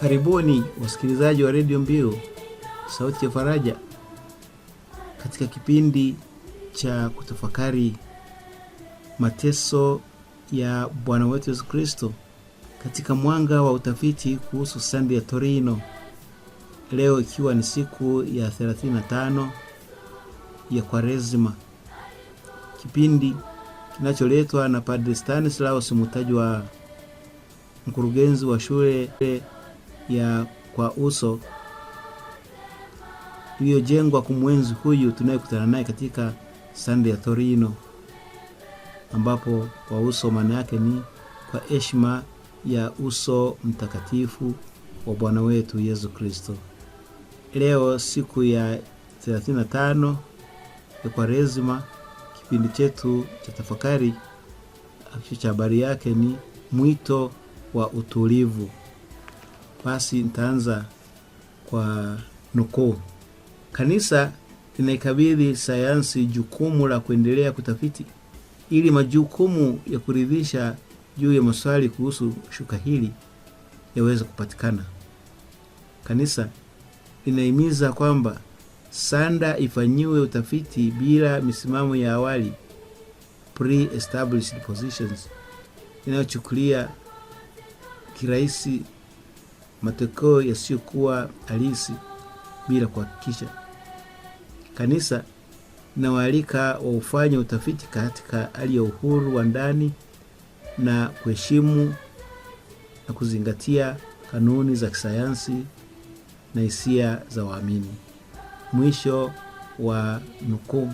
Karibuni wasikilizaji wa redio Mbiu sauti ya faraja, katika kipindi cha kutafakari mateso ya Bwana wetu Yesu Kristo katika mwanga wa utafiti kuhusu sandi ya Torino, leo ikiwa ni siku ya 35 ya kwarezima kipindi kinacholetwa na Padre Stanislaus wa mkurugenzi wa shule ya kwa uso iliyojengwa kumwenzi huyu tunayekutana naye katika sande ya Torino, ambapo kwa uso maana yake ni kwa heshima ya uso mtakatifu wa Bwana wetu Yesu Kristo. Leo siku ya 35 ya Kwaresima, kipindi chetu cha tafakari, kichwa cha habari yake ni mwito wa utulivu basi nitaanza kwa nukuu. Kanisa linaikabidhi sayansi jukumu la kuendelea kutafiti ili majukumu ya kuridhisha juu ya maswali kuhusu shuka hili yaweze kupatikana. Kanisa linahimiza kwamba sanda ifanyiwe utafiti bila misimamo ya awali pre-established positions inayochukulia kirahisi matokeo yasiyokuwa halisi bila kuhakikisha. Kanisa linawaalika waufanye utafiti katika hali ya uhuru wa ndani na kuheshimu na kuzingatia kanuni za kisayansi na hisia za waamini. Mwisho wa nukuu.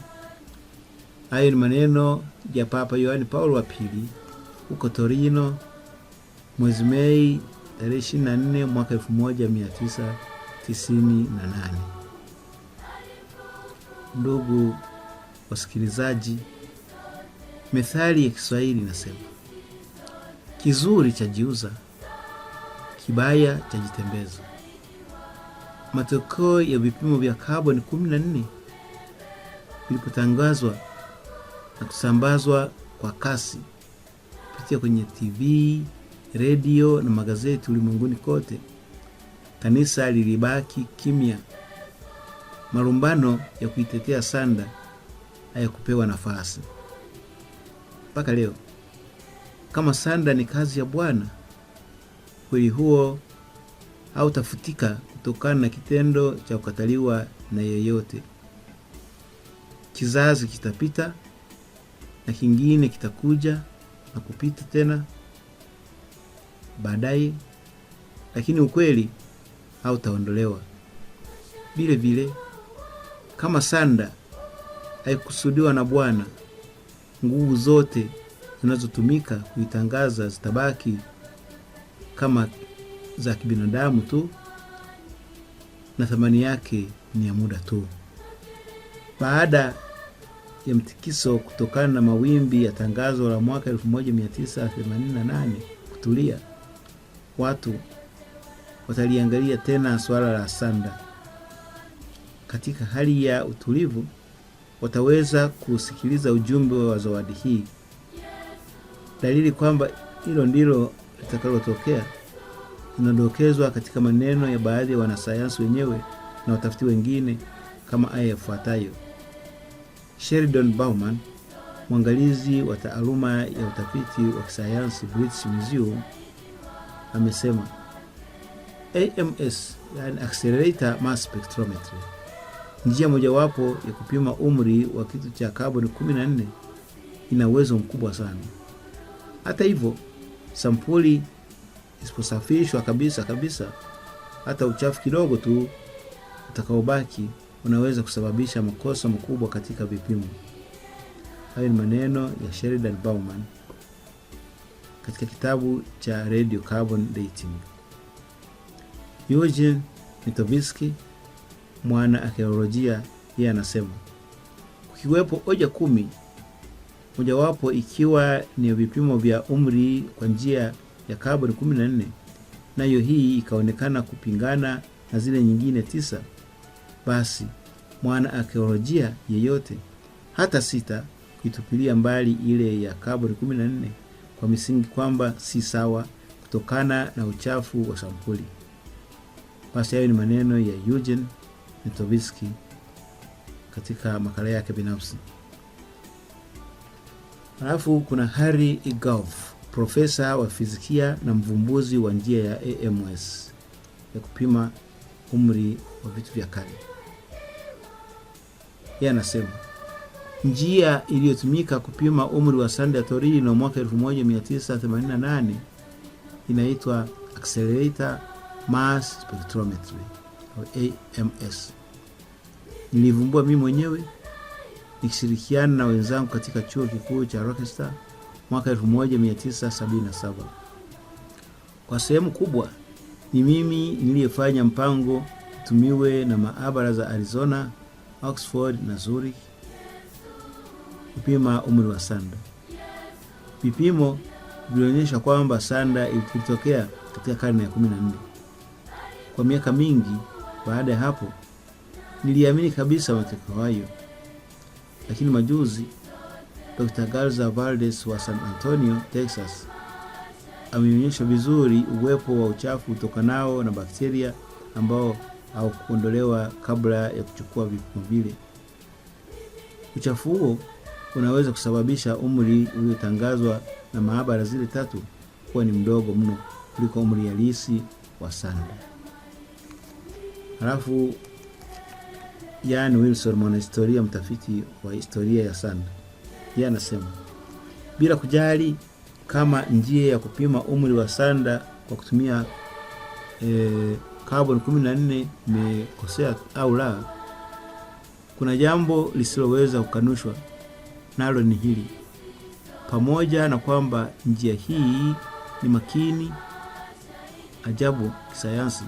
Hayo ni maneno ya Papa Yohani Paulo wa Pili huko Torino mwezi Mei tarehe 24 mwaka 1998. Ndugu wasikilizaji, methali ya Kiswahili inasema kizuri cha jiuza kibaya cha jitembeza. Matokeo ya vipimo vya kaboni 14 vilipotangazwa na kusambazwa kwa kasi kupitia kwenye TV redio na magazeti ulimwenguni kote, kanisa lilibaki kimya. Marumbano ya kuitetea sanda hayakupewa nafasi mpaka leo. Kama sanda ni kazi ya Bwana, kweli huo hautafutika kutokana na kitendo cha kukataliwa na yeyote. Kizazi kitapita na kingine kitakuja na kupita tena baadaye, lakini ukweli hautaondolewa. Vile vile kama sanda haikusudiwa na Bwana, nguvu zote zinazotumika kuitangaza zitabaki kama za kibinadamu tu, na thamani yake ni ya muda tu. Baada ya mtikiso kutokana na mawimbi ya tangazo la mwaka 1988 kutulia watu wataliangalia tena swala la sanda katika hali ya utulivu, wataweza kusikiliza ujumbe wa zawadi hii, dalili kwamba hilo ndilo litakalotokea inadokezwa katika maneno ya baadhi ya wanasayansi wenyewe na watafiti wengine kama aya yafuatayo. Sheridan Bauman, mwangalizi wa taaluma ya utafiti wa kisayansi British Museum amesema AMS, yani accelerator mass spectrometry, njia mojawapo ya kupima umri wa kitu cha kaboni 14 ina uwezo mkubwa sana. Hata hivyo, sampuli isiposafishwa kabisa kabisa, hata uchafu kidogo tu utakaobaki unaweza kusababisha makosa makubwa katika vipimo. Hayo ni maneno ya Sheridan Bauman katika kitabu cha carbon dating. Eugene Nitovisky, mwana arkeolojia, yeye anasema kukiwepo oja kumi, mojawapo ikiwa ni vipimo vya umri kwa njia ya carbon 14, nayo hii ikaonekana kupingana na zile nyingine tisa, basi mwana arkeolojia yeyote hata sita kuitupilia mbali ile ya carbon 14 kwa misingi kwamba si sawa kutokana na uchafu wa sampuli. Basi hayo ni maneno ya Eugen Netobiski katika makala yake binafsi. Halafu kuna Harry igov profesa wa fizikia na mvumbuzi wa njia ya AMS ya kupima umri wa vitu vya kale. Yeye anasema Njia iliyotumika kupima umri wa sanda ya Torino mwaka 1988 inaitwa accelerator mass spectrometry au AMS. Nilivumbua mimi mwenyewe nikishirikiana na wenzangu katika chuo kikuu cha Rochester mwaka 1977. Kwa sehemu kubwa ni mimi niliyefanya mpango tumiwe na maabara za Arizona, Oxford na Zurich kupima umri wa Sanda. Vipimo vilionyesha kwamba Sanda ilitokea katika karne ya 14. Kwa miaka mingi baada ya hapo niliamini kabisa matokeo hayo, lakini majuzi Dr. Garza Valdes wa San Antonio, Texas ameonyesha vizuri uwepo wa uchafu utokanao na bakteria ambao haukuondolewa kabla ya kuchukua vipimo vile. Uchafu huo unaweza kusababisha umri uliotangazwa na maabara zile tatu kuwa ni mdogo mno kuliko umri halisi wa sanda. Halafu yan Wilson, mwanahistoria mtafiti wa historia ya sanda, yeye anasema bila kujali kama njia ya kupima umri wa sanda kwa kutumia e, carbon 14 imekosea au la, kuna jambo lisiloweza kukanushwa nalo ni hili, pamoja na kwamba njia hii ni makini ajabu kisayansi,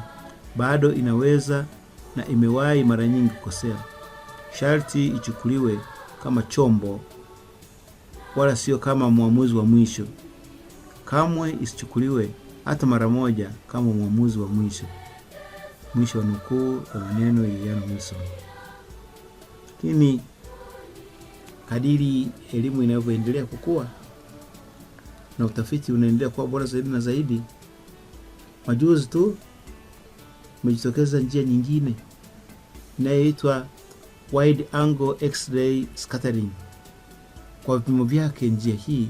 bado inaweza na imewahi mara nyingi kukosea. Sharti ichukuliwe kama chombo, wala sio kama mwamuzi wa mwisho. Kamwe isichukuliwe hata mara moja kama mwamuzi wa mwisho. Mwisho wa nukuu ya maneno ya William Wilson. Lakini kadiri elimu inavyoendelea kukua na utafiti unaendelea kuwa bora zaidi na zaidi, majuzi tu umejitokeza njia nyingine inayoitwa wide angle x-ray scattering. Kwa vipimo vyake, njia hii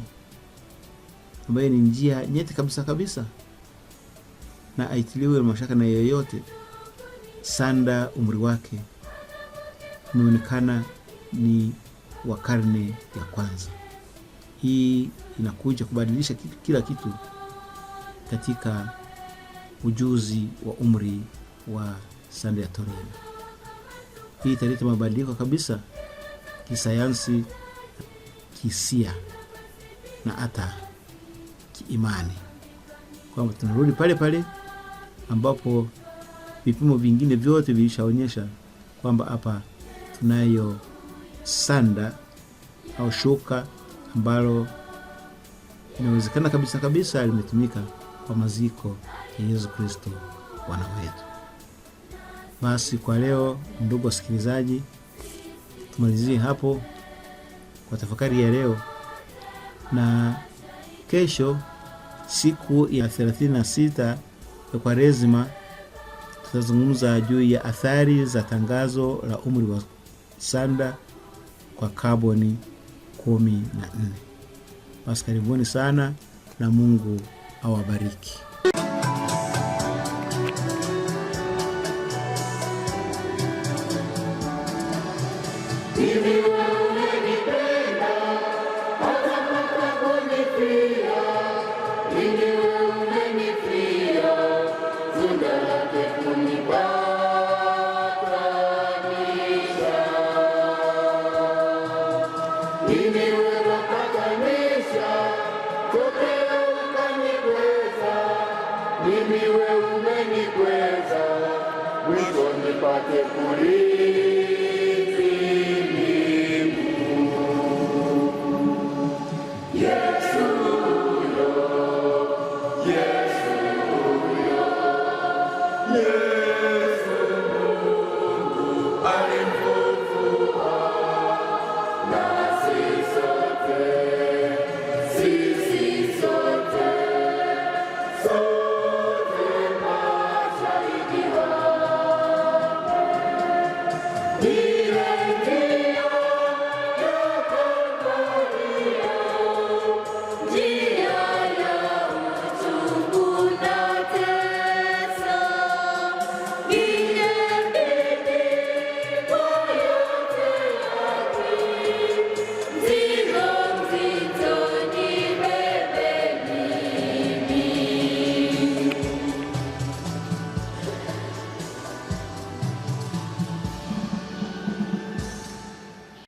ambayo ni njia nyeti kabisa kabisa na aitiliwe mashaka na yoyote, sanda umri wake, imeonekana ni wa karne ya kwanza. Hii inakuja kubadilisha kila kitu katika ujuzi wa umri wa ya Torriello. Hii italeta mabadiliko kabisa kisayansi, kisia na hata kiimani, kwamba tunarudi pale pale ambapo vipimo vingine vyote vilishaonyesha kwamba hapa tunayo sanda au shuka ambalo inawezekana kabisa kabisa limetumika kwa maziko ya Yesu Kristo Bwana wetu. Basi kwa leo, ndugu wasikilizaji, tumalizie hapo kwa tafakari ya leo, na kesho siku ya 36 ya Kwaresima tutazungumza juu ya athari za tangazo la umri wa sanda kwa kaboni kumi na nne. Basi karibuni sana na Mungu awabariki.